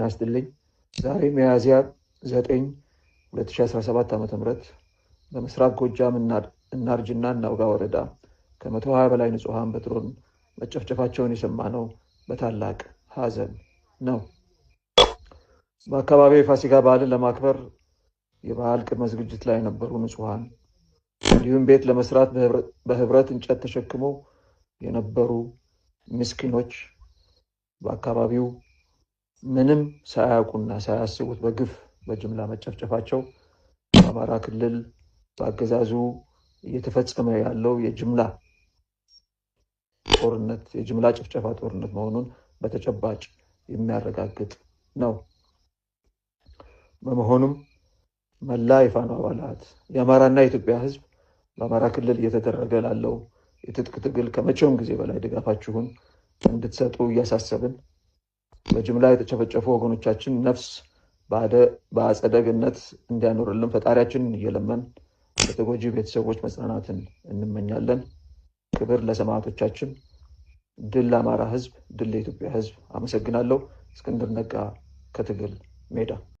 ናስትልኝ ዛሬ ሚያዝያ 9 2017 ዓ ም በምስራቅ ጎጃም እናርጅና እናውጋ ወረዳ ከ120 በላይ ንጹሐን በድሮን መጨፍጨፋቸውን የሰማነው በታላቅ ሀዘን ነው። በአካባቢው የፋሲካ በዓልን ለማክበር የበዓል ቅድመ ዝግጅት ላይ የነበሩ ንጹሐን እንዲሁም ቤት ለመስራት በህብረት እንጨት ተሸክሞ የነበሩ ምስኪኖች በአካባቢው ምንም ሳያውቁና ሳያስቡት በግፍ በጅምላ መጨፍጨፋቸው በአማራ ክልል በአገዛዙ እየተፈጸመ ያለው የጅምላ ጦርነት የጅምላ ጭፍጨፋ ጦርነት መሆኑን በተጨባጭ የሚያረጋግጥ ነው። በመሆኑም መላ የፋኖ አባላት የአማራና የኢትዮጵያ ሕዝብ በአማራ ክልል እየተደረገ ላለው የትጥቅ ትግል ከመቼውም ጊዜ በላይ ድጋፋችሁን እንድትሰጡ እያሳሰብን በጅምላ የተጨፈጨፉ ወገኖቻችን ነፍስ በአጸደግነት እንዲያኖርልን ፈጣሪያችንን እየለመን ለተጎጂ ቤተሰቦች መጽናናትን እንመኛለን። ክብር ለሰማዕቶቻችን፣ ድል ለአማራ ህዝብ ድል ለኢትዮጵያ ህዝብ አመሰግናለሁ። እስክንድር ነጋ ከትግል ሜዳ